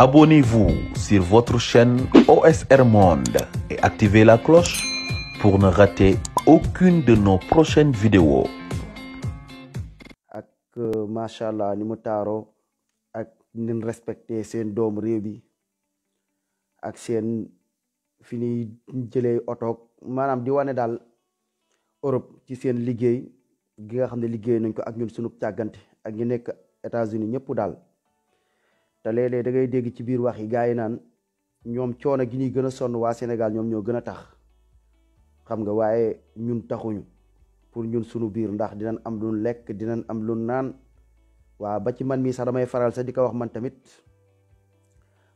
Abonnez-vous sur votre chaîne OSR Monde et activez la cloche pour ne rater aucune de nos prochaines vidéos. ak euh, macha allah ni mu taaroo ak nin respecté seen doom réew bi ak seen fi ñuy jëlee otoog maanaam di wane daal Europe ci seen liggéey gi nga xam ne liggéey nañ ko ak ñun sunu càggante ak ñu nekk États-Unis ñëpp daal. te léeg dangay dégg ci biir wax yi gars yi naan ñoom coono gi ñuy gën a sonn waa Sénégal ñoom ñoo gën a tax xam nga waaye ñun taxuñu pour ñun suñu biir ndax dinañ am lu lekk dinañ am lu naan waaw ba ci man mii sax damay faral sax di ko wax man tamit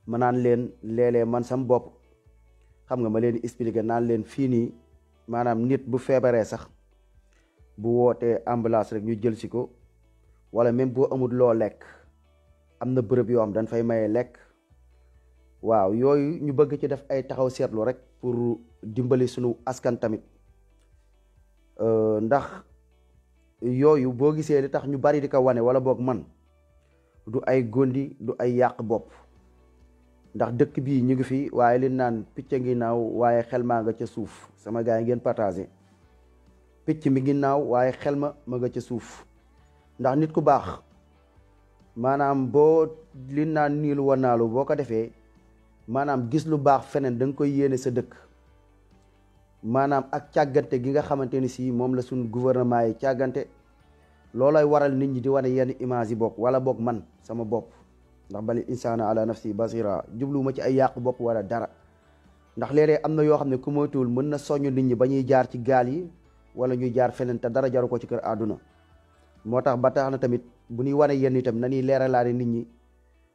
ma naan leen léeg man sam bopp xam nga ma leen expliqué naan leen fii nii maanaam nit bu feebaree sax bu wootee ambulance rek ñu jël si ko wala même boo amul loo lekk. am na bërëb yoo am dañ fay maye lekk waaw yooyu ñu bëgg ci def ay taxaw seetlu rek pour dimbali suñu askan tamit euh, ndax yooyu boo gisee li tax ñu bari di ko wane wala boog man du ay gondi du ay yàq bopp ndax dëkk bii ñu ngi fi waaye li naan picc ngi naaw waaye xel maa nga ca suuf sama gaa yi ngeen partagé picc mi ngi naaw waaye xel ma ma nga ca suuf ndax nit ku baax maanaam boo li naan niilu wanaalu boo ko defee maanaam gis lu baax feneen danga koy yéene sa dëkk maanaam ak càggante gi nga xamante ni si moom la suñu gouvernement yi càggante loolay waral nit ñi di wane yenn image yi bopp wala boog man sama bopp ndax bali insaana ala nafsi basira jubluwuma ci ay yàqu bopp wala dara ndax léeg am na yoo xam ne ku moytuwul mën na soññ nit ñi ba ñuy jaar ci gaal yi wala ñuy jaar feneen te dara jaru ko ci kër àdduna moo tax ba tax na tamit bu ñuy wane yenn itam na ñuy leeralaale nit ñi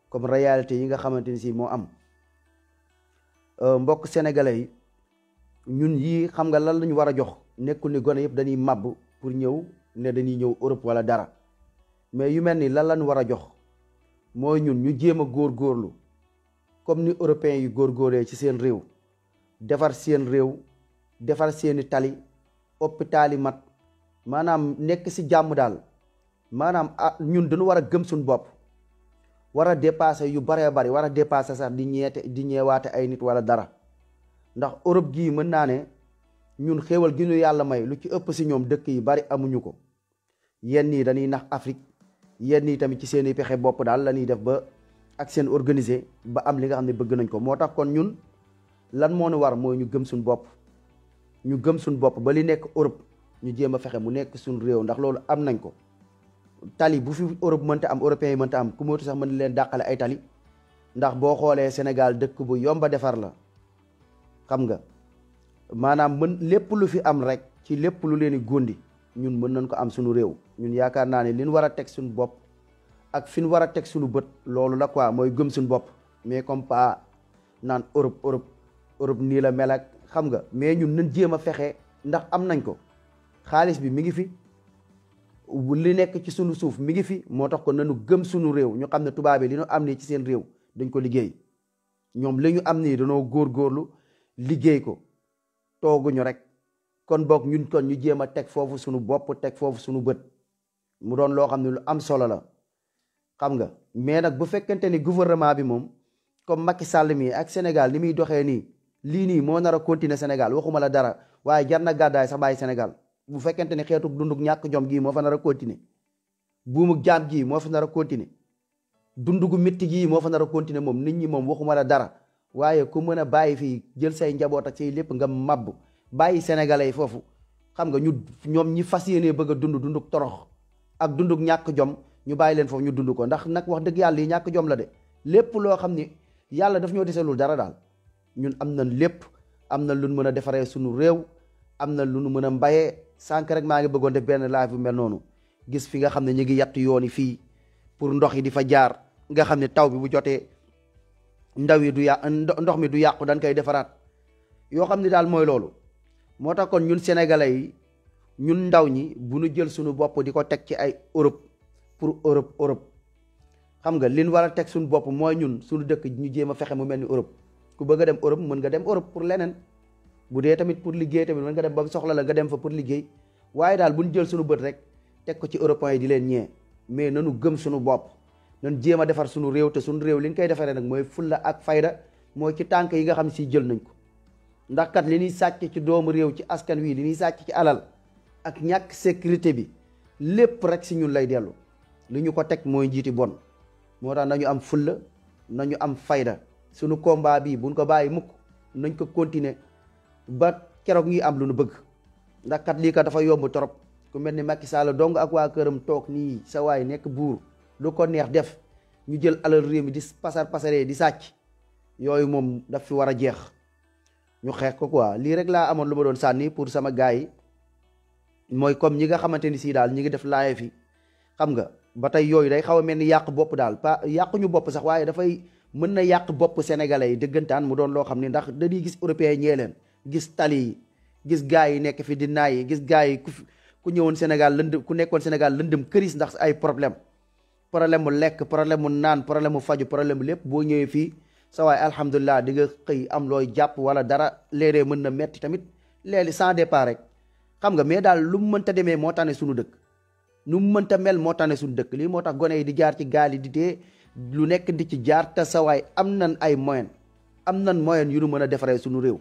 comme réalité yi nga xamante ni sii moo am euh, mbokk sénégalais yi ñun yii xam nga lan ñu war a jox nekkul ni gone yëpp dañuy màbb pour ñëw ne dañuy ñëw Europe wala dara mais yu mel ni lan lañ war a jox mooy ñun ñu jéem a góorlu comme ni européens yi góorgóoree ci seen réew defar seen réew defar seeni tali hôpital yi mat maanaam nekk si jàmm daal maanaam ah ñun dañu war a gëm suñu bopp war a dépasser yu baree bari war a dépasser sax di ñeete di ñeewaate ay nit wala dara ndax Europe gii mën naa ne ñun xéewal gi ñu yàlla may lu ci ëpp si ñoom dëkk yi bari amuñu ko yenn yi dañuy nax Afrique yenn yi tamit ci seen i pexe bopp daal la ñuy def ba ak seen organisé ba am li nga xam ne bëgg nañ ko moo tax kon ñun lan moo ñu war mooy ñu gëm suñu bopp ñu gëm suñu bopp ba li nekk Europe ñu jéem a fexe mu nekk suñu réew ndax loolu am nañ ko tali bu fi Europe mënta am européens yi mënta am ku moytu sax mën leen dàqale ay tali ndax boo xoolee Sénégal dëkk bu yomba defar la xam nga maanaam mën lépp lu fi am rek ci lépp lu leen di góndi ñun mën nañ ko am suñu réew ñun yaakaar naa ne li ñu war a teg suñu bopp ak fi ñu war a teg suñu bët loolu la quoi mooy gëm suñu bopp mais comme pas naan Europe Europe Europe nii la mel xam nga mais ñun nañ jéem a fexe ndax am nañ ko xaalis bi mi ngi fi. li nekk ci sunu suuf mi ngi fi moo tax ko nanu gëm sunu réew ñu xam ne tubaab yi li ñu am nii ci seen réew dañ ko liggéey ñoom li ñu am nii danoo góorlu liggéey ko tooguñu rek kon boog ñu kon ñu jéem a teg foofu sunu bopp teg foofu sunu bët mu doon loo xam ne lu am solo la xam nga mais nag bu fekkente ni gouvernement bi moom comme Macky sàll mii ak Sénégal ni muy doxee nii lii nii moo nar a continuer Sénégal waxuma la dara waaye jar na gàddaay sax bàyyi Sénégal bu fekkente ni xeetu dunduk ñàkk jom gii moo fa nar a continuer buumu jaam gii moo fa nar a continuer dundugu mitti gii moo fa nar a continuer moom nit ñi moom waxuma la dara waaye ku mën a bàyyi fii jël say njaboot ak say lépp nga mabb bàyyi sénégalais yi foofu xam nga ñu ñoom ñi fas yéenee bëgg a dund dunduk torox ak dunduk ñàkk jom ñu bàyyi leen foofu ñu dund ko ndax nag wax dëgg yàlla yi ñàkk jom la de lépp loo xam ni yàlla daf ñoo deselul dara daal ñun am na lépp am na lu mën a defaree suñu réew am na lu nu mën a mbayee sànq rek maa ngi bëggoon def benn live bu mel noonu gis fi nga xam ne ñu ngi yatt yoon yi fii pour ndox yi di fa jaar nga xam ne taw bi bu jotee ndaw yi du yàq ndox mi du yàqu dañ koy defaraat yoo xam ne daal mooy loolu moo tax kon ñun sénégalais yi ñun ndaw ñi bu ñu jël suñu bopp di ko teg ci ay Europe pour Europe Europe xam nga li ñu war a teg suñu bopp mooy ñun suñu dëkk ñu jéem a fexe mu mel ni Europe ku bëgg a dem Europe mën nga dem Europe pour leneen. bu dee tamit pour liggéey tamit nga dem ba soxla la nga dem fa pour liggéey waaye daal bu ñu jël suñu bët rek teg ko ci européens yi di leen ñee mais nanu gëm suñu bopp nan jéem a defar suñu réew te suñu réew li ñu koy defaree nag mooy fulla ak fayda mooy ci tànk yi nga xam si jël nañ ko ndax li ñuy sàcc ci doomu réew ci askan wi li ñuy sàcc ci alal ak ñàkk sécurité bi lépp rek si ñun lay dellu li ñu ko teg mooy njiiti bon moo tax nañu am fulla nañu am fayda suñu combat bi buñ ko bàyyi mukk nañ ko continuer ba keroog ñuy am lu nu bëgg ndax kat lii kat dafa yomb trop ku mel ni Macky Sall dong ak waa këram toog nii sa waay nekk buur lu ko neex def ñu jël alal réew mi di pasar pasaree di sàcc yooyu moom daf fi war a jeex ñu xeex ko quoi lii rek laa amoon lu ma doon sànni pour sama gars yi mooy comme ñi nga xamante ni sii daal ñi ngi def laaye fi xam nga ba tey yooyu day xaw a mel ni yàq bopp daal pa yàq ñu bopp sax waaye dafay mën na yàq bopp sénégalais yi dëggantaan mu doon loo xam ne ndax dañuy gis européen ñee leen gis tali yi gis gaay yi nekk fi di naa yi gis gaay yi ku ku ñëwoon Sénégal lëndëm ku nekkoon Sénégal lëndëm këris ndax ay problème problème mu lekk problème mu naan problème mu faju problème lépp boo ñëwee fii sawaay waay alhamdulilah di nga xëy am looy jàpp wala dara léeg mën na metti tamit léegi sans départ rek xam nga mais daal lu mu mënta demee moo tane suñu dëkk nu mu mënta mel moo tane suñu dëkk lii moo tax gone yi di jaar ci gaal yi di dee lu nekk di ci jaar te sa waay am nan ay moyen am nan moyen yu nu mën a defaree suñu réew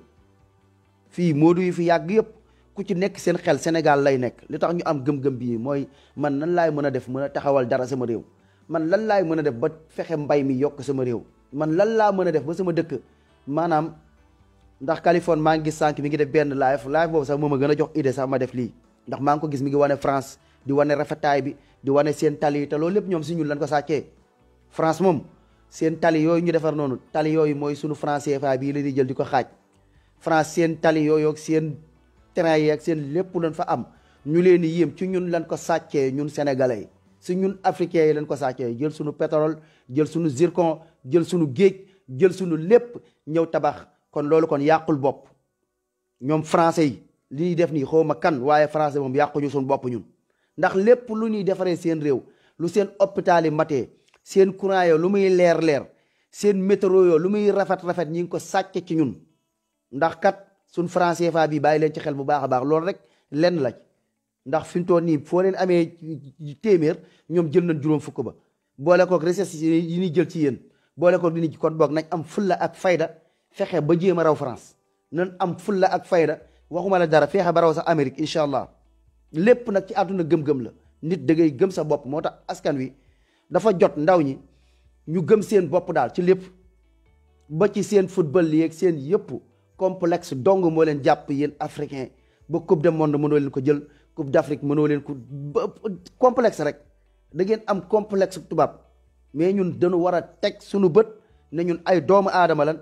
fii Modou yi fi yàgg yëpp ku ci nekk seen xel Sénégal lay nekk li tax ñu am gëm-gëm bii mooy man nan laay mën a def mën a taxawal dara sama réew man lan laay mën a def ba fexe mbay mi yokk sama réew man lan laa mën a def ba sama dëkk maanaam ndax Californie maa ngi gis sànq mi ngi def benn live live boobu sax moo a gën a jox idée sax ma def lii ndax maa ngi ko gis mi ngi wane France di wane rafetaay bi di wane seen tali te loolu lépp ñoom si ñun lañ ko sàccee France moom seen tali yooyu ñu defar noonu tali yooyu mooy sunu franc CFA bii la di jël di ko xaaj France seen tali yooyu seen train yi ak seen lépp lan fa am ñu leen di yéem ci ñun lan ko sàccee ñun sénégalais yi si ñun africains yi lan ko sàccee jël suñu pétrole jël suñu zircon jël suñu géej jël suñu lépp ñëw tabax kon loolu kon yàqul bopp ñoom français yi li ñuy def nii xaw kan waaye français moom yàquñu suñu bopp ñun ndax lépp lu ñuy defaree seen réew lu seen hôpital yi matee seen courant yoo lu muy leer leer seen métro yoo lu muy rafet rafet ñi ngi ko sàcc ci ñun ndax kat suñ franc CFA bi bàyyi leen ci xel bu baax a baax loolu rek lenn la ndax fi mu toll nii foo leen amee téeméer ñoom jël nañ juróom fukk ba boole koog recette yi ñuy jël ci yéen boole koog dini kon boog nañ am fulla ak fayda fexe ba jéem a raw France nañ am fulla ak fayda waxuma la dara fexe ba raw sax Amérique incha allah lépp nag ci àdduna gëm-gëm la nit da ngay gëm sa bopp moo tax askan wi dafa jot ndaw ñi ñu gëm seen bopp daal ci lépp ba ci seen football yeeg seen yëpp complexe dong moo leen jàpp yéen africain ba coupe du monde mënoo leen ko jël coupe d'Afrique mënoo leen ko complexe rek da ngeen am complexe tubaab mais ñun dañu war a teg suñu bët ne ñun ay doomu aadama lan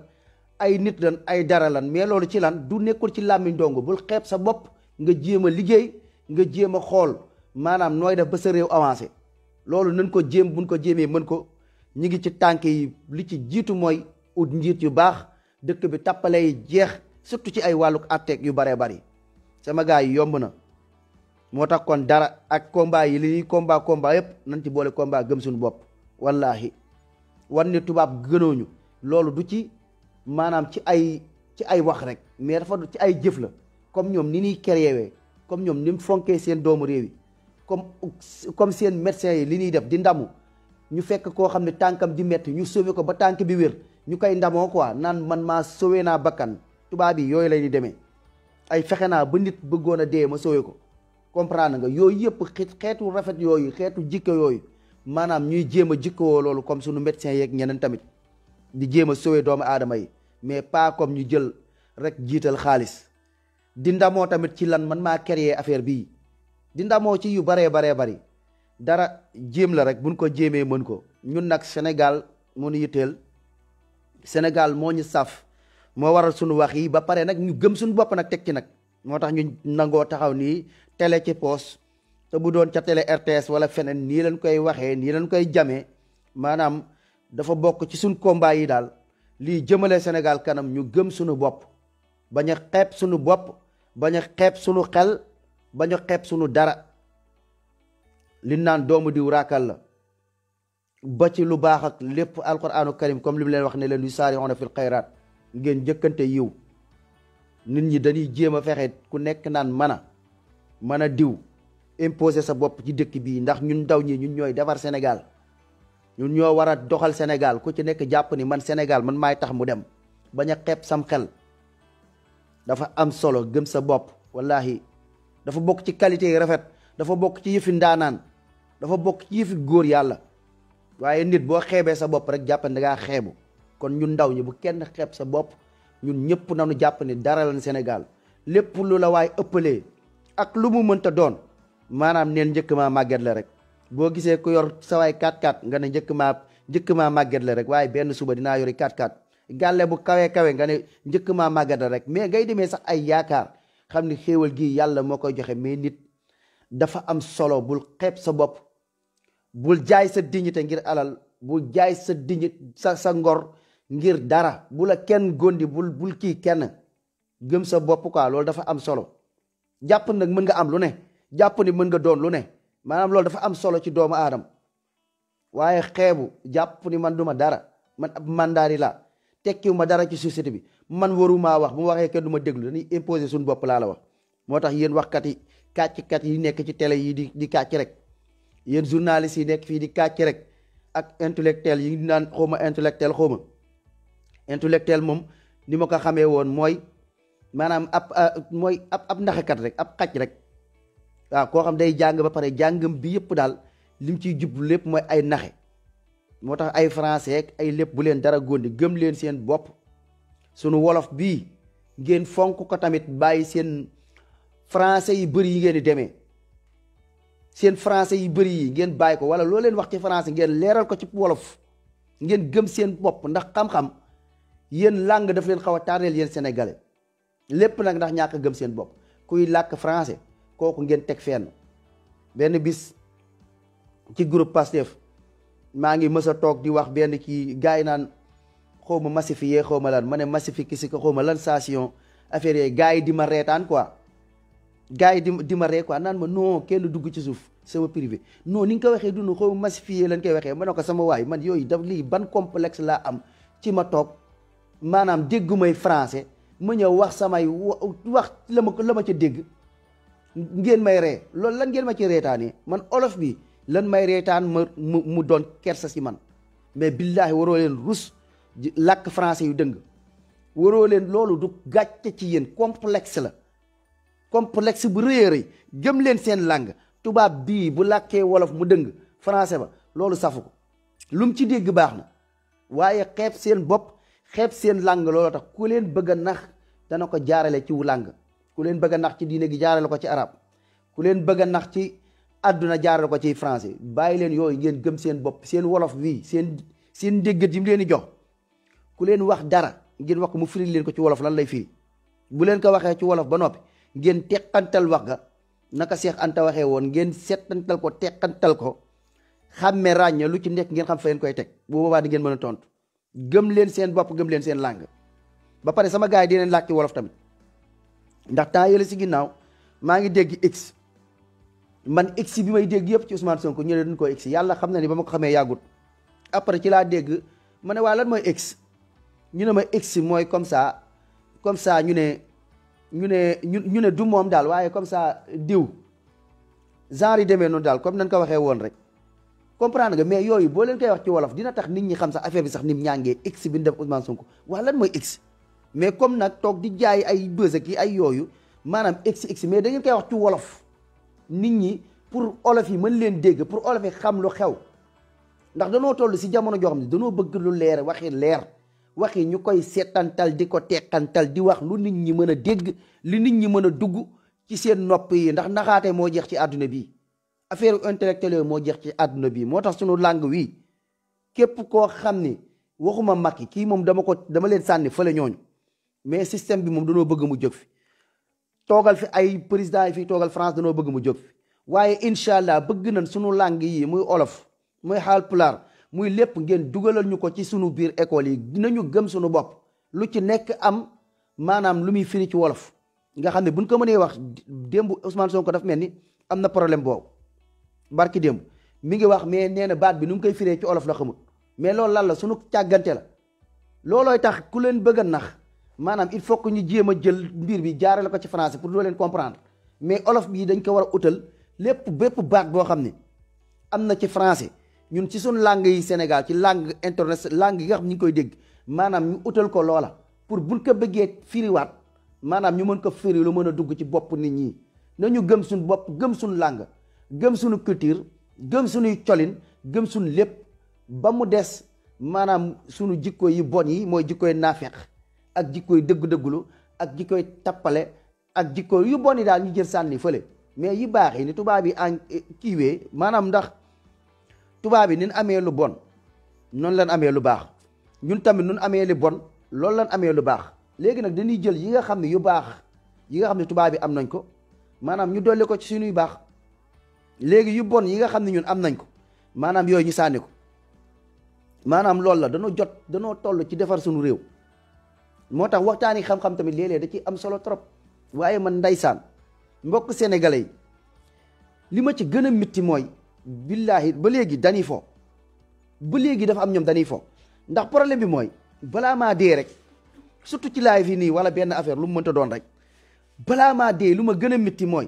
ay nit lan ay dara lan mais loolu ci lan du nekkul ci làmmiñ dong bul xeeb sa bopp nga jéem a liggéey nga jéem a xool maanaam nooy def ba sa réew avancé loolu nañ ko jéem buñ ko jéemee mën ko ñu ngi ci tànk yi li ci jiitu mooy ut njiit yu baax dëkk bi tappale jeex surtout ci ay wàllu atteeg yu baree bari sama gars yi yomb na moo tax kon dara ak combat yi li ñuy combat combat yëpp nañ ci boole combat gëm suñu bopp wallaahi wan ni tubaab gënooñu loolu du ci maanaam ci ay ci ay wax rek mais dafa ci ay jëf la comme ñoom ni ñuy créewee comme ñoom ni fonkee seen doomu réew yi comme comme seen médecins yi li ñuy def di ndamu ñu fekk koo xam ne tànkam di metti ñu sauvé ko ba tànk bi wér ñu koy ndamoo quoi naan man maa sowe naa bakkan tubaab yi yooyu lay di demee ay fexe naa ba nit bëggoon a dee ma sowe ko comprendre nga yooyu yëpp xeetu rafet yooyu xeetu jikko yooyu maanaam ñuy jéem a jikkowoo loolu comme suñu médecin yeeg ñeneen tamit di jéem a sowe doomu aadama yi mais pas comme ñu jël rek jiital xaalis di ndamoo tamit ci lan man maa créer affaire bii di ndamoo ci yu baree baree bari dara jéem la rek buñ ko jéemee mën ko ñun nag Sénégal mu nu Sénégal moo ñu saf moo waral suñu wax yi ba pare nag ñu gëm suñu bopp nag teg ci nag moo tax ñu nangoo taxaw nii tele ci poos te bu doon ca tele RTS wala feneen nii leen koy waxee nii leen koy jame maanaam dafa bokk ci suñ combat yi daal lii jëmalee senegal kanam ñu gëm suñu bopp bañ a xeeb suñu bopp ba a xeeb suñu xel bañ a xeeb suñu dara li naan doomu diw raakal la ba ci lu baax ak lépp alquranu karim comme li mu leen wax ne leen yu saari'una fil xayraat ngeen jëkkante yiw nit ñi dañuy jéem a fexe ku nekk naan mën a mën a diw imposer sa bopp ci dëkk bii ndax ñun ndaw ñi ñun ñooy defar senegal ñun ñoo war a doxal senegal ku ci nekk jàpp ni man Sénégal man maay tax mu dem bañ a xeeb sam xel dafa am solo gëm sa bopp wallahi dafa bokk ci qualité yi rafet dafa bokk ci yëfi ndaanaan dafa bokk ci yëfi góor yàlla waaye nit boo xeebee sa bopp rek jàpp ne ngaa xeebu kon ñun ndaw ñi bu kenn xeeb sa bopp ñun ñëpp nañu jàpp ne dara lan Sénégal lépp lu la waaye ëppalee ak lu mu mënta doon maanaam neen njëkk maa màgget rek boo gisee ko yor sa waay 4-4 nga ne njëkk maa njëkk maa màgget rek waaye benn suba dinaa yori 4-4 gàlle bu kawee kawe nga ne njëkk maa màgget rek mais ngay demee sax ay yaakaar xam ni xéewal gi yàlla moo koy joxe mais nit dafa am solo bul xeeb sa bopp bul jaay sa dignité ngir alal bul jaay sa dignité sa sa ngor ngir dara bu la kenn gondi bul bul kii kenn gëm sa bopp quoi loolu dafa am solo jàpp nag mën nga am lu ne jàpp ni mën nga doon lu ne maanaam loolu dafa am solo ci doomu aadama waaye xeebu jàpp ni man duma dara man ab mandaari la tekkiwu ma dara ci société bi man waruma wax bu ma waxee kenn du ma déglu ni imposer suñu bopp laa la wax moo tax yéen waxkat yi kàcc kat yi nekk ci télé yi di di kàcc rek yéen journalistes yi nekk fii di kàcc rek ak intellectuel yi naan xaw ma intellectuel xaw ma intellectuel moom ni ma ko xamee woon mooy maanaam ab mooy ab ab ndaxekat rek ab xaj rek waaw koo xam day jàng ba pare jàngam bi yëpp daal lim ciy jublu lépp mooy ay naxe moo tax ay français ak ay lépp bu leen dara góndi gëm leen seen bopp sunu wolof bii ngeen fonk ko tamit bàyyi seen français yi bëri yi ngeen di demee seen français yi bëri yi ngeen bàyyi ko wala loo leen wax ci français ngeen leeral ko ci wolof ngeen gëm seen bopp ndax xam-xam yéen langue daf leen xaw a taareel yéen sénégalais lépp nag ndax ñàkk gëm seen bopp kuy làkk français kooku ngeen teg fenn benn bis ci groupe Pastef maa ngi mës a toog di wax benn kii gars yi naan xaw ma massifié xaw ma lan ma ne massifié ki ko xaw ma lan station affaire yooyu gars yi di ma reetaan quoi gars yi di ma di ma ree naan ma non kenn dugg ci suuf sama privé non ni nga ko waxee du dunu xaw massifié lañ koy waxee ma ne ko sama waay man yooyu daf lii ban complexe laa am ci ma toog maanaam déggumay français mu ñëw wax samay wax la ma la ma ca dégg ngeen may ree loolu lan ngeen ma ci reetaanee man olof bi lan may reetaan ma mu mu doon kersa si man mais billaahi waroo leen rus làkk francais yu dëng waroo leen loolu du gàcce ci yéen complexe la complexe bu rëy a rëy gëm leen seen làng tubaab bii bu làkkee wolof mu dëng français ba loolu safu ko lu mu ci dégg baax na waaye xeeb seen bopp xeeb seen langue looloo tax ku leen bëgg a nax dana ko jaarale ci làng ku leen bëgg a nax ci diine gi jaarale ko ci arab ku leen bëgg a ci àdduna jaarale ko ci français bàyyi leen yooyu ngeen gëm seen bopp seen wolof wii seen seen ndéggat yi mu leen di jox ku leen wax dara ngeen wax ko mu firi leen ko ci wolof lan lay firi bu leen ko waxee ci wolof ba noppi ngeen teqantal wax ga naka Seex Anta waxee woon ngeen seetantal ko teqantal ko xàmme ràññe lu ci nekk ngeen xam fa ngeen koy teg bu boobaa di ngeen mën a tontu gëm leen seen bopp gëm leen seen làng ba pare sama gars yi dineen làkki wolof tamit ndax temps yële ci ginnaaw maa ngi dégg x man x bi may dégg yëpp ci usmaan Sonko ñu ne duñ ko x yàlla xam na ni ba ma ko xamee yàggut après ci laa dégg ma ne waa lan mooy x ñu ne ma x mooy comme saa comme saa ñu ne ñu ne ñu ne du moom daal waaye comme ça diw genre yi demee noonu daal comme nañ ko waxee woon rek comprendre nga mais yooyu boo leen koy wax ci wolof dina tax nit ñi xam sax affaire bi sax nim ñaangee x bi ñu def Ousmane Sonko waa lan mooy x mais comme nag toog di jaay ay bës ak yi ay yooyu maanaam x x mais da ngeen koy wax ci wolof nit ñi pour olof yi mën leen dégg pour olof yi xam lu xew ndax danoo toll si jamono joo xam ne danoo bëgg lu leer waxi leer waxi ñu koy seetantal di ko teqantal di wax lu nit ñi mën a dégg li nit ñi mën a dugg ci seen nopp yi ndax naxaate moo jeex ci àdduna bi affaire intellectuelle yooyu moo jeex ci àdduna bi moo tax sunu langue wi képp koo xam ni waxuma mag yi kii moom dama ko dama leen sànni fële ñooñu mais système bi moom danoo bëgg mu jóg fi toogal fi ay président yi fii toogal France danoo bëgg mu jóg fi waaye incha allah bëgg na sunu làng yi muy olof muy xaal pulaar muy lépp ngeen dugalal ñu ko ci sunu biir école yi dinañu gëm sunu bopp lu ci nekk am maanaam lu muy firi ci wolof nga xam ne buñ ko mënee wax démb soo ko daf mel ni am na problème boobu barki démb mi ngi wax mais nee na baat bi nu mu koy firee ci olof la xamut mais loolu lan la sunu càggante la loolooy tax ku leen bëgg nax maanaam il faut que ñu jéem a jël mbir bi jaare la ko ci français pour doo leen comprendre mais olof bii dañ ko war a utal lépp bépp baat boo xam ne am na ci français ñun ci suñ làng yi Sénégal ci langue internet langue yi nga xam ñu ngi koy dégg maanaam ñu utal ko loola pour buñ ko bëggee firiwaat maanaam ñu mën ko firi lu mën a dugg ci bopp nit ñi nañu gëm suñ bopp gëm suñ làng gëm suñu culture gëm suñuy colin gëm suñ lépp ba mu des maanaam suñu jikko yi bon yi mooy jikkoy naafeq ak jikko yi dëgg-dëggulu ak jikkoy tappale ak jikko yu bon yi daal ñu jël sànni fële mais yi baax yi ni tubaab yi en kiiwee maanaam ndax tubaab yi nin amee lu bon noonu lan amee lu baax ñun tamit nun amee li bon loolu lan amee lu baax léegi nag dañuy jël yi nga xam ne yu baax yi nga xam ne tubaab yi am nañ ko maanaam ñu dolli ko ci suñuy baax léegi yu bon yi nga xam ne ñun am nañ ko maanaam yooyu ñu sànni ko maanaam loolu la danoo jot danoo toll ci defar suñu réew moo tax waxtaani xam-xam tamit léeg da ci am solo trop waaye man ndeysaan mbokk sénégalais yi li ma ci gën a mitti mooy billaahi ba léegi dañuy fo ba léegi dafa am ñoom dañuy fo ndax problème bi mooy balaa maa dee rek surtout ci live yi nii wala benn affaire lu mu mënta doon rek balaa maa dee lu ma gën a métti mooy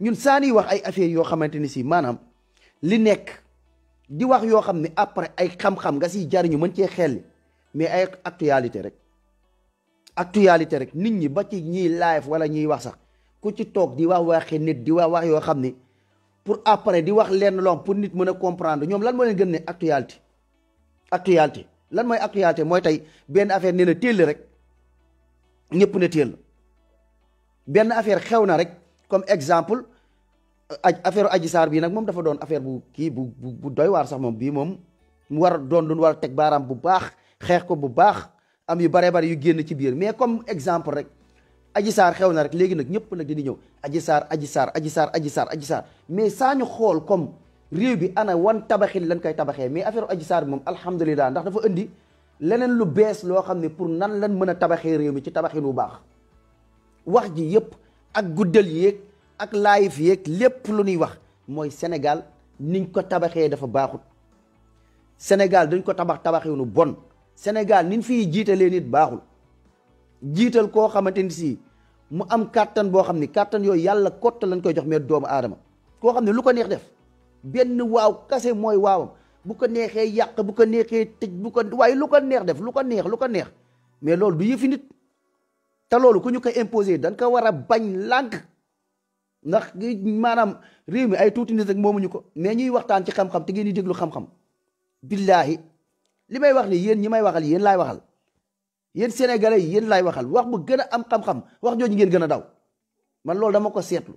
ñun saa saani wax ay affaire yoo xamante ni sii maanaam li nekk di wax yoo xam ni après ay xam-xam nga siy jariñu mën cee xel mais ay actualité rek actualité rek nit ñi ba ci ñiy live wala ñiy wax sax ku ci toog di wax waxi nit di wax wax yoo xam ni pour après di wax lenn loo pour nit mën a comprendre ñoom lan mooy gën ne actualité actualité lan mooy actualité mooy tey benn affaire nee na téel rek ñëpp ne téel benn affaire xew na rek comme exemple euh, affaire Adji Sarr bii nag moom dafa doon affaire bu kii bu bu doy waar sax moom bii moom mu war a doon lu war a teg baaraam bu baax xeex ko bu baax am yu baree bari yu génn ci biir mais comme exemple rek aji saar xew na rek léegi nag ñëpp nag dina ñëw aji saar aji saar aji saar aji saar aji saar mais saa ñu xool comme réew bi ana wan tabaxin lañ koy tabaxee mais affaire aji saar bi moom alhamdulilah ndax dafa indi leneen lu bees loo xam ne pour nan lan mën a tabaxee réew mi ci tabaxin bu baax wax ji yëpp ak guddal yéeg ak laayif yéeg lépp lu ñuy wax mooy Sénégal niñ ko tabaxee dafa baaxut Sénégal dañ ko tabax tabaxinu bon Sénégal niñ fiy jiitalee nit baaxul jiital koo xamante ni sii mu am kàttan boo xam ne kàttan yooyu yàlla kott lañ koy jox mais doomu aadama koo xam ne lu ko neex def benn waaw kase mooy waawam bu ko neexee yàq bu ko neexee tëj bu ko waaye lu ko neex def lu ko neex lu ko neex mais loolu du yëfi nit te loolu ku ñu ko imposé dañ ko war a bañ lànk ndax maanaam réew mi ay tuuti nit rek moomuñu ko mais ñuy waxtaan ci xam-xam te ngeen di déglu xam-xam billaahi li may wax ni yéen ñi may waxal yéen laay waxal yéen sénégalais yi yéen laay waxal wax bu gën a am xam-xam wax jooju ngeen gën a daw man loolu dama ko seetlu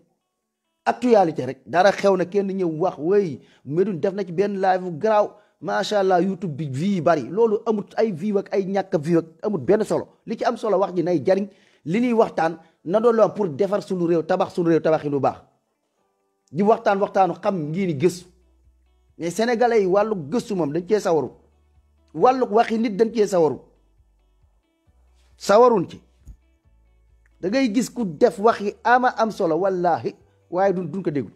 actualité rek dara xew na kenn ñëw wax wey Médoune def na ci benn live bu garaaw macha allah youtube bi vie bari loolu amut ay vie ak ay ñàkk vie ak amut benn solo li ci am solo wax ji nay jariñ li ñuy waxtaan na doon loo pour defar suñu réew tabax suñu réew tabaxi lu baax di waxtaan waxtaanu xam ngii ni gëstu mais sénégalais yi wàllu gëstu moom dañ cee sawaru wàllu waxi nit dañ cee sawaru sawaruñ ci dangay gis ku def wax yi ama am solo wallahi waaye du duñ ko déglu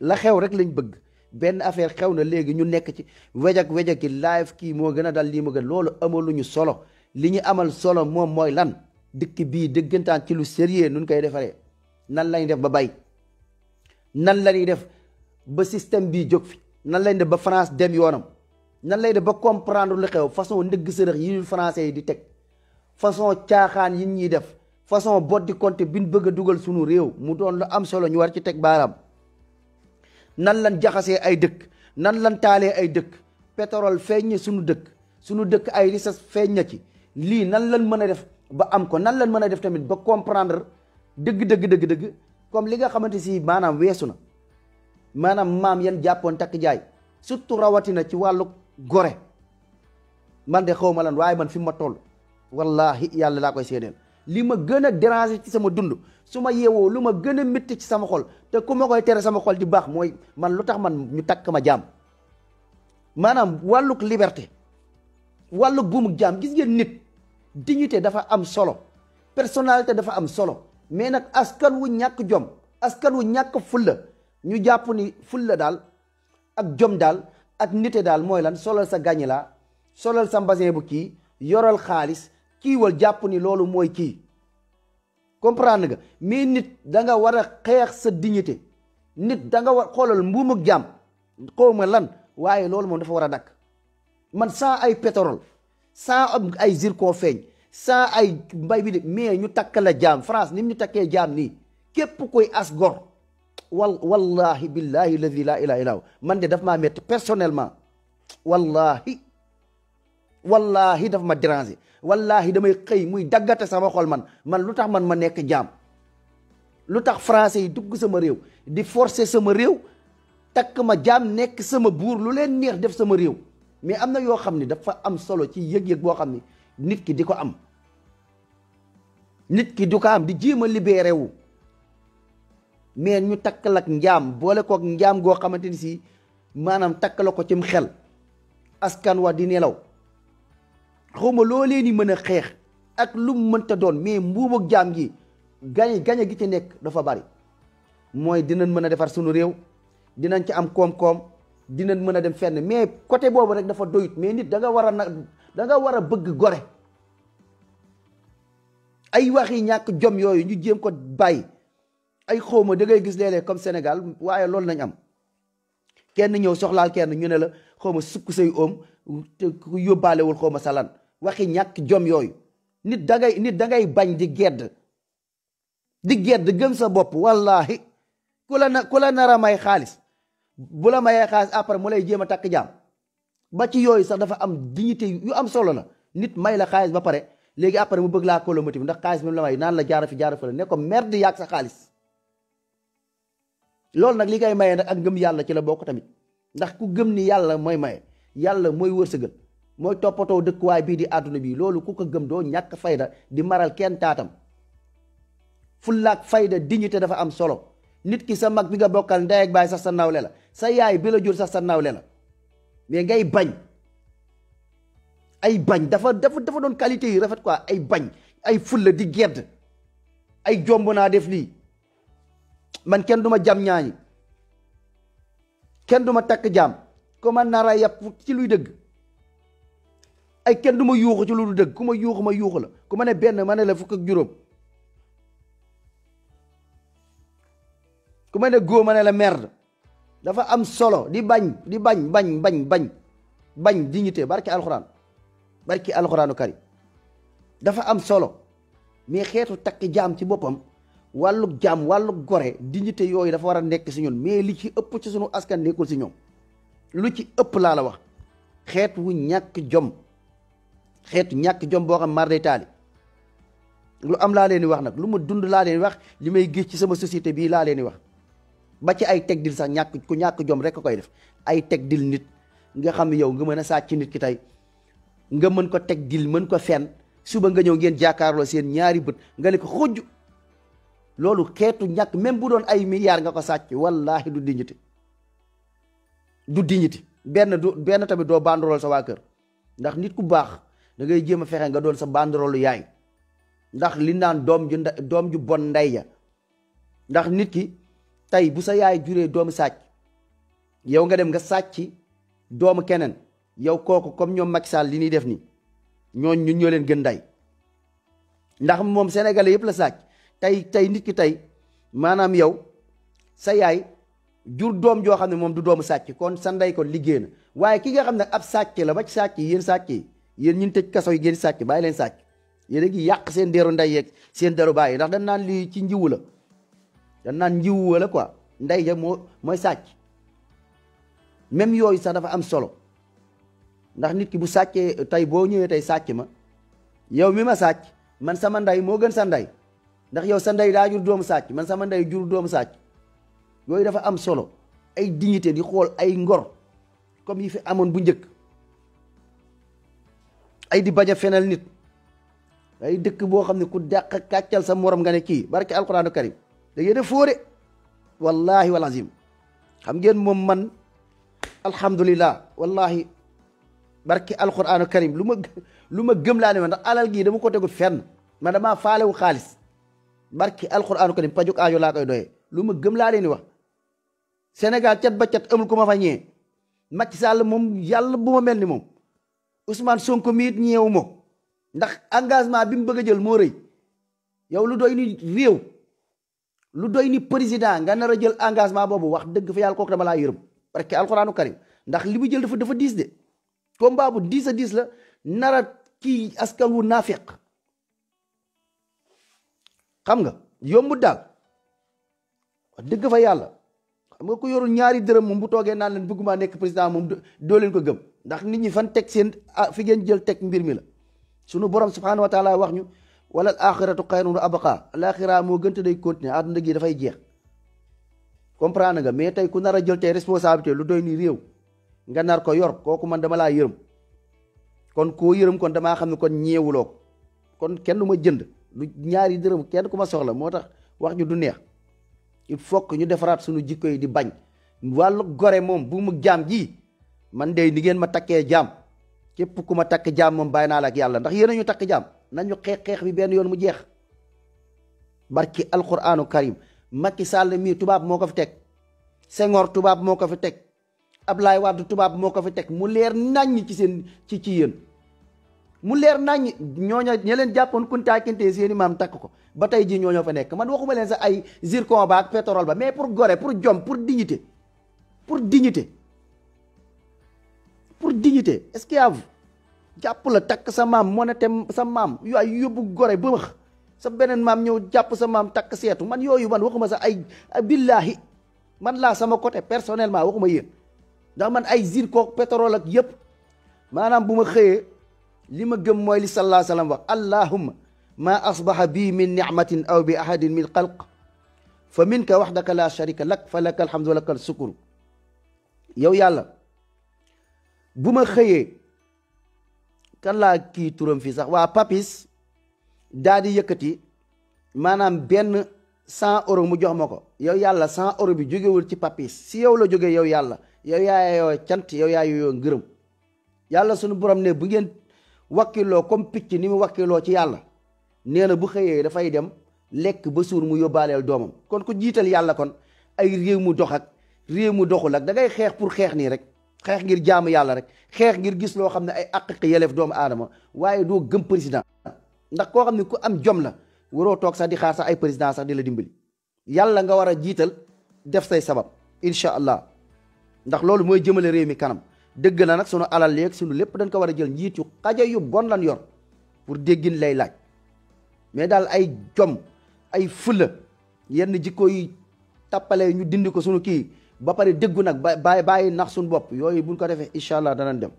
la xew rek lañ bëgg benn affaire xew na léegi ñu nekk ci wejak wejak ki live kii moo gën a dal lii ma gën loolu amaluñu solo li ñu amal solo moom mooy lan dikk bii dëggantaan ci lu sérieux nun koy defaree nan lañ def ba bay nan lañuy def ba système bii jóg fi nan lañ def ba France dem yoonam nan lay def ba comprendre lu xew façon ndëgg sërëx yi français yi di teg façon caaxaan yi ñuy def façon boddi konte bin bëgg a dugal sunu réew mu doon lu am solo ñu war ci teg baaraam nan lan jaxasee ay dëkk nan lan taalee ay dëkk pétrole feeñ na sunu dëkk sunu dëkk ay richesse feeñ na ci lii nan lan mën a def ba am ko nan lan mën a def tamit ba comprendre dëgg dëgg dëgg comme li nga xamante si maanaam weesu na maanaam maam yan jàppoon takk jaay surtout rawatina ci wàllu gore man de xaw ma lan waaye man fi ma toll wallahi yàlla laa koy séedeel li ma gën a déranger ci sama dund su ma yeewoo lu ma gën a métti ci sama xol te ku ma koy tere sama xol di baax mooy man lu tax man ñu takk ma jaam maanaam wàlluk liberté wàlluk buumuk jaam gis ngeen nit dignité dafa am solo personnalité dafa am solo mais nag askan wu ñàkk jom askan wu ñàkk fulla ñu jàpp ni fulla daal ak jom daal ak nite daal mooy lan solal sa gàññi laa solal sa mbasin bu kii yoral xaalis kiiwal jàpp ni loolu mooy kii comprendre nga mais nit da nga war a xeex sa dignité nit danga war xoolal mbuum ak jàmm xaw ma lan waaye loolu moom dafa war a dakk man sans ay pétrole sans ay zircon feeñ sans ay mbay bi de mais ñu takk la jaam France ni ñu takkee jaam nii képp koy as gor wal wallahi billahi lazi laa ilaha illa man de daf maa metti personnellement wallahi wallahi daf ma déranger wallaahi damay xëy muy daggate sama xol man man lu tax man ma nekk jaam lu tax français yi dugg sama réew di forcer sama réew takk ma jaam nekk sama buur lu leen neex def sama réew mais am na yoo xam ni dafa am solo ci yëg-yëg boo xam ni nit ki di ko am nit ki du ko am di jéem a libéré wu mais ñu takk la ak njaam boole kook njaam goo xamante ni si maanaam takk la ko cim xel askan wa di nelaw xawma loo leen di mën a xeex ak lu mu mënta doon mais mbuum ak jaam gi gañe gañe gi ci nekk dafa bari mooy dinañ mën a defar suñu réew dinañ ci am koom-koom dinañ mën a dem fenn mais côté boobu rek dafa doyut mais nit danga war a na da nga war a bëgg gore ay wax ñàkk jom yooyu ñu jéem ko bàyyi ay xawma da ngay gis léeg comme Sénégal waaye loolu nañ am kenn ñëw soxlaal kenn ñu ne la xawma sukk say oom yóbbaalewul xawma salan waxi ñàkk jom yooyu nit dangay nit dangay bañ di gedd di gedd gëm sa bopp wallahi ku la na ku nar a may xaalis bu la mayee xaalis après mu lay jéem a takk jaam ba ci yooyu sax dafa am dignité yu am solo la nit may la xaalis ba pare léegi après mu bëgg laa colomotive ndax xaalis même la may naan la jaara fi jaara fa la ne ko merde yàgg sa xaalis loolu nag li koy mayee nag ak ngëm yàlla ci la bokk tamit ndax ku gëm ni yàlla mooy maye yàlla mooy wërsëgal mooy toppatoo dëkkuwaay bii di àdduna bi loolu ku ko gëm doo ñàkk fayda di maral kenn taatam fullaak fayda dignité dafa am solo nit ki sa mag bi nga bokkal ndey baay sax sa nawle la sa yaay bi la jur sax sa nawle la mais ngay bañ ay bañ dafa dafa dafa doon qualité yi rafet quoi ay bañ ay fulla di gedd ay jomb naa def lii man kenn duma jam ñaañi kenn du ma takk jaam ko man nara yàpp ci luy dëgg ay kenn du ma yuuxu ci lu dul dëgg ku ma yuuxu ma yuuxu la ku ma ne benn ma ne la fukk ak juróom ku ma ne góo ma ne la merde dafa am solo di bañ di bañ bañ bañ bañ bañ dignité barki alxuraan barki alxuraanu kari dafa am solo mais xeetu takk jaam ci boppam wàllu jaam wàllu gore di dignité yooyu dafa war a nekk si ñun mais li ci ëpp ci sunu askan nekkul si ñoom lu ci ëpp laa la wax xeet wu ñàkk jom xeetu ñàkk jom boo xam mar day taali lu am laa leen di wax nag lu ma dund laa leen wax li may gis ci sama société bii laa leen di wax ba ci ay teg dil sax ñàkk ku ñàkk jom rek koy def ay teg dil nit nga xam ne yow nga mën a sàcc nit ki tey nga mën ko teg dil mën ko fen suba nga ñëw ngeen jàkkaarloo seen ñaari bët nga ne ko xujj loolu xeetu ñàkk même bu doon ay milliards nga ko sàcc wallaahi du dignité du dignité benn du benn tamit doo banderole sa waa kër ndax nit ku baax da ngay jéem a fexe nga doon sa banderolu yaay ndax li naan doom ju doom ju bon ndey ja ndax nit ki tey bu sa yaay juree doomu sàcc yow nga dem nga sàcc doomu keneen yow kooku comme ñoom Macky Sall li ñuy def nii ñoo ñun ñoo leen gën ndey ndax moom sénégalais yëpp la sàcc tey tey nit ki tey maanaam yow sa yaay jur doom joo xam ne moom du doomu sàcc kon sa ndey kon liggéey na waaye ki nga xam ne ab sàcc la ba sàcc yi yéen sàcc yéen ñun tëj kaso yi génn sàcc bàyyi leen sàcc yéen a ngi yàq seen deeru nday yeeg seen deeru bàyyi ndax dañ naan lii ci njiwu la dañ naan njiwu wala quoi nday ja moo mooy sàcc même yooyu sax dafa am solo ndax nit ki bu sàccee tey boo ñëwee tey sàcc ma yow mi ma sàcc man sama ndey moo gën sa nday ndax yow sa nday daa jur doomu sàcc man sama ndey jur doomu sàcc yooyu dafa am solo ay dignité di xool ay ngor comme yi fi amoon bu njëkk ay di bañ a fenal nit ay dëkk boo xam ne ku dàq kàccal sa morom nga ne kii barke alquranu karim da ngeen a fóore wallahi wal azim xam ngeen moom man alhamdulillah wallahi barke alquranu karim lu ma lu ma gëm laa ne ma ndax alal gii dama ko tegu fenn ma damaa faalewu xaalis barke alquranu karim pajuk aajo laa koy doyee lu ma gëm laa leen di wax Sénégal ba cat amul ku ma fa ñee Macky Sall moom yàlla bu ma mel ni moom Ousmane Sonko mi ñeewu ndax engagement bi mu bëgg a jël moo rëy yow lu doy ni réew lu doy ni président nga nar a jël engagement boobu wax dëgg fa yàlla kooku dama laa yërëm parce que alxuraanu karim ndax li mu jël dafa dafa diis de combat bu diis a diis la nara a kii askan wu naafeq xam nga yombut daal wax dëgg fa yàlla xam nga ku yorul ñaari dërëm moom bu toogee naan leen bëgguma nekk président moom doo leen ko gëm. ndax nit ñi fan teg seen ah, fi ngeen jël teg mbir mi la sunu borom subhanahu wa taala wax ñu wala al axiratu xayrun abqa alaxira moo gën te day continuer àdduna gi dafay jeex comprendre nga mais tey ku nar a jël tey responsabilité lu doy nii réew nga nar ko yor kooku man dama laa yërëm kon koo yërëm kon damaa xam ne kon ñeewuloo ko kon kenn du ma jënd lu ñaari dërëm kenn ku ma soxla moo tax wax ñu du neex il faut ñu defaraat suñu jikko yi di bañ wàllu gore moom bu mu jaam ji man de ni ngeen ma takkee jaam képp ku ma takk jaam moom bàyyi naa la yàlla ndax yéen ñu takk jaam nañu xeex xeex bi benn yoon mu jeex barki alquranu karim Macky Sall mii tubaab moo ko fi teg Senghor tubaab moo ko fi teg Ablaye Wade tubaab moo ko fi teg mu leer ñi ci seen ci ci yéen mu leer naññ ñooña ña leen jàppoon Kunta Kinte seeni maam takk ko ba tey jii ñooñoo fa nekk man waxuma leen sax ay zircon ba ak pétrole ba mais pour gore pour jom pour dignité pour dignité pour dignité esclave jàpp la takk sa maam monete sa maam yooyu yóbbu gore bu wax sa beneen maam ñëw jàpp sa maam takk seetu man yooyu man wax ma sa ay billaahi man laa sama côté wax ma yéen ndax man ay zircon pétrole ak yëpp maanaam bu ma xëyee li ma gëm mooy li sallallahu alayhi wa sallam wax allahumma ma asbaha bii min nicmatin aw bi ahadin min xalq fa minka waxdaka la sharika lak fa laka alhamdu wa laka alsukuru yow yàlla bu ma xëyee kan laa kii turam fii sax waa papis daa di yëkkati maanaam benn cent euro mu jox ma ko yow yàlla cent euro bi jógewul ci papis si yow la jógee yow yàlla yow yaa yoo cant yow yaa yoo ngërëm yàlla sunu borom ne bu ngeen wakkiloo comme picc ni mu wakkiloo ci yàlla nee na bu xëyee dafay dem lekk ba suur mu yóbbaaleel doomam kon ku jiital yàlla kon ay réew mu dox ak réew mu doxul ak dangay xeex pour xeex nii rek xeex ngir jaamu yàlla rek xeex ngir gis loo xam ne ay àq yelef doomu aadama waaye doo gëm président ndax koo xam ne ku am jom la waroo toog sax di xaar sax ay président sax di la dimbali yàlla nga war a jiital def say sabab incha allah ndax loolu mooy jëmale réew mi kanam dëgg na nag sunu alal yeeg sunu lépp dañ ko war a jël njiit yu xaja yu bon lan yor pour déggin lay laaj mais daal ay jom ay fulla yenn jikko yi tàppale ñu dindi ko sunu kii ba pare déggu nag ba bàyyi bàyyi nax suñu bopp yooyu buñ ko defee incha allah danañ dem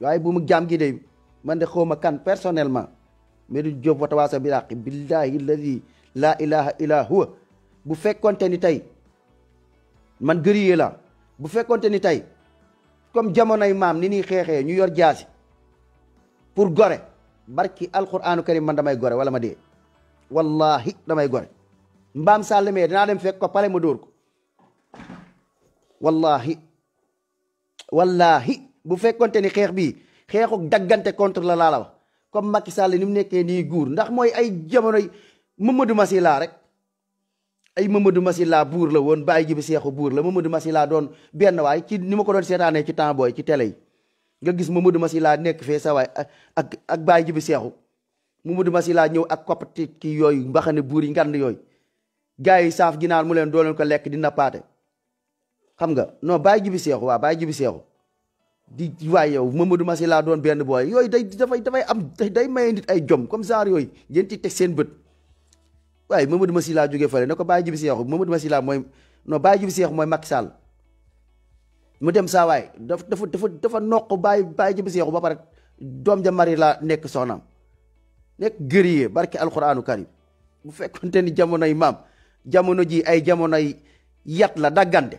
waaye bu mu jaam gi de man de xawma kan personnellement Medoune Diop Watawasaw Bil Haqqi billahi alladi laa ilaha illa huwa bu fekkonte ni tey man gëriye bu fekkonte ni tey comme jamonoy maam ni ñuy xeexee ñu yor jaasi pour gore barki alquranu karim man damay gore wala ma dee wallahi damay gore mbaam sàll mee danaa dem fekk ko pare ma dóor ko wallaahi wallaahi bu fekkonte ni xeex bii xeexu daggante contre la laa la wax comme Macky Sall ni mu nekkee nii guur ndax mooy ay jamonoy Mamadou Massi laa rek ay Mamadou Massi laa buur la woon bàyyi ji bi seexu buur la Mamadou Massi laa doon benn waay ci ni ma ko doon seetaanee ci temps booy ci télé yi nga gis Mamadou Massi laa nekk fee sa waay ak ak bàyyi ji bi seexu Mamadou Massi ñëw ak coppite ki yooyu mbaxane buur yi ngand yooyu gars yi saaf ginaar mu leen doo ko lekk di nappaate xam nga non bàyyi jibi seexu waaw bàyyi jibi seexu di waay yow Mamadou si laa doon benn booy yooyu day dafay dafay am day maye nit ay jom comme saar yooyu ngeen ci teg seen bët waaye Mamadou Massi laa jógee fële ne ko bàyyi jibi seexu Mamadou Massi laa mooy non bàyyi jibi seexu mooy Macky dem saa waay dafa dafa dafa dafa noq bàyyi bàyyi jibi seexu ba pare doom ja mari laa nekk soxnaam nekk gëriyee barke alquranu karim bu fekkonte ni jamonoy maam jamono ji ay jamonoy yat la daggante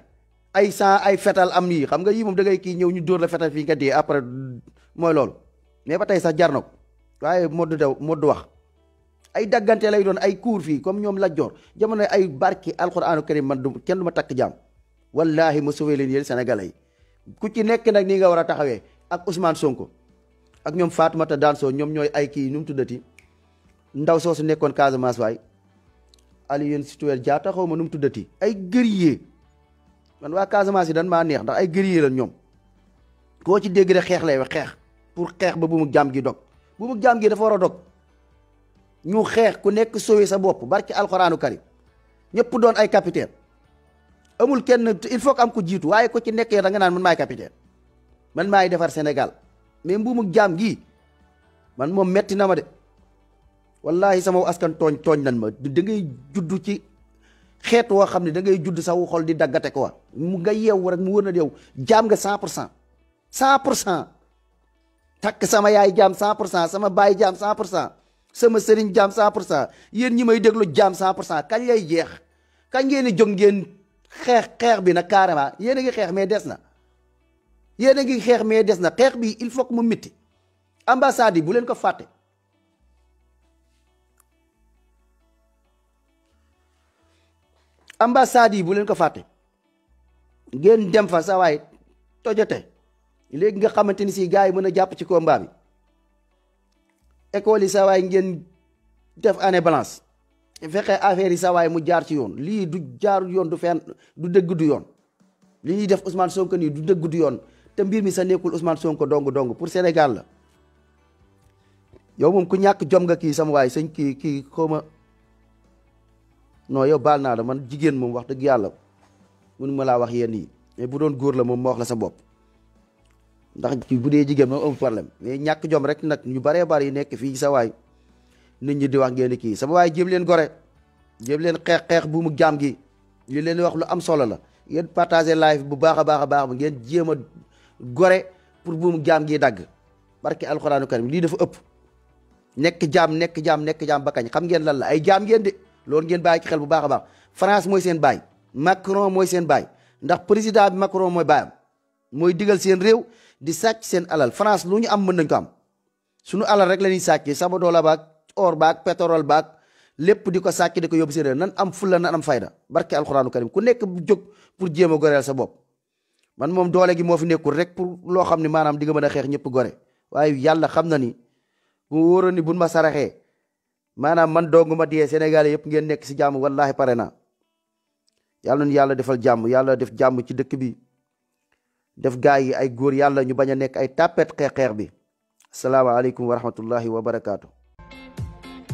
ay sang ay fetal am yii xam nga yii moom da kii ñëw ñu dóor la fetal fii nga dee après mooy loolu mais ba tey sax jar na ko waaye moddu daw moddu wax ay daggante lay doon ay kuur fii comme ñoom lajjoor jamono ay barki alquranu karim man du kenn du ma takk jaam wallahi ma sauvé leen yéen sénégalais ku ci nekk nag nii nga war a taxawee ak Ousmane Sonko ak ñoom faatumata Fatoumata soo ñoom ñooy ay kii nu mu tuddati ndaw soo su nekkoon Casamance waay Alioune Sitoé Diatta xaw ma nu mu tuddati ay guerrier man waa Casamance yi dan maa neex ndax ay guerrier la ñoom koo ci dégg rek xeex lay wax xeex pour xeex ba bu mu jaam gi dog bu mu jaam gi dafa war a dog ñu xeex ku nekk sauvé sa bopp barki alxuraanu karim ñëpp doon ay capitaine amul kenn il faut am ku jiitu waaye ko ci nekk yow da nga naan man maay capitaine man maay defar Sénégal mais mbuumu jaam gi man moom metti na ma de wallahi sama askan tooñ tooñ nan ma da ngay juddu ci xeet woo xam ne da ngay judd saw xol di daggate quoi mu nga yeewu rek mu wër na yow jaam nga cent pour cent cent pour cent takk sama yaay jaam cent pour cent sama baay jaam cent pour cent sama sëriñ jaam cent pour cent yéen ñi may déglu jaam cent pour cent kañ lay jeex kañ ngeen di jóg ngeen xeex xeex bi nag carrément yéen a ngi xeex mais des na yéen a ngi xeex mais des na xeex bi il faut que mu mitti ambassade yi bu leen ko fàtte ambassades yi bu leen ko fàtte ngeen dem fa sa waay tojote léegi nga xamante ni si gaa yi mën a jàpp ci combat bi école yi sa ngeen def année balance fexe affaire yi sa mu jaar ci yoon lii du jaar yoon du fenn du dëgg du yoon li ñuy def Ousmane Sonko nii du dëgg du yoon te mbir mi sa nekkul Ousmane Sonko dong dong pour Sénégal la yow moom ku ñàkk jom nga kii sama waay sëñ kii kii xaw non yow baal naa la man jigéen moom wax dëgg yàlla mënu ma laa wax yéen yi mais bu doon góor la moom ma wax la sa bopp ndax bu dee jigéen moom am problème mais ñàkk jom rek nag ñu baree bari yi nekk fii sa waay nit ñi di wax ngeen kii sama waay jéem leen gore jéem leen xeex xeex bu mu jaam gi li leen wax lu am solo la ngeen partagé laay bu baax a baax a ngeen jéem a gore pour bu mu jaam gi dagg barke alxuraanu karim lii dafa ëpp nekk jaam nekk jaam nekk jaam xam ngeen lan la ay jaam ngeen loolu ngeen bàyyi ci xel bu baax a baax France mooy seen baay Macron mooy seen baay ndax président Macron mooy baayam mooy digal seen réew di sàcc seen alal France lu ñu am mën nañ ko am suñu alal rek la ñuy sàccee sama doola baag or baag pétrole baag lépp di ko sàcc di ko yóbbu seen réew nan am fulla nan am fayda barke alxuraanu karim ku nekk jóg pour jéem a goreel sa bopp man moom doole gi moo fi nekkul rek pour loo xam ne maanaam di nga mën a xeex ñëpp gore waaye yàlla xam na ni bu wóoroon ni buñ ma saraxee maanaam man dong ma diyee Sénégal yëpp ngeen nekk si jàmm wallahi pare na yàlla na defal jàmm yàlla def jàmm ci dëkk bi def gaa yi ay góor yàlla ñu bañ a nekk ay tapet xeexeer bi salaamaaleykum wa rahmatullahi wa barakaatu.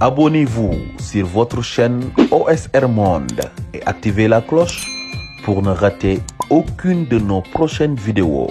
Abonnez-vous sur votre chaîne OSR Monde et activez la cloche pour ne rater aucune de nos prochaines vidéos.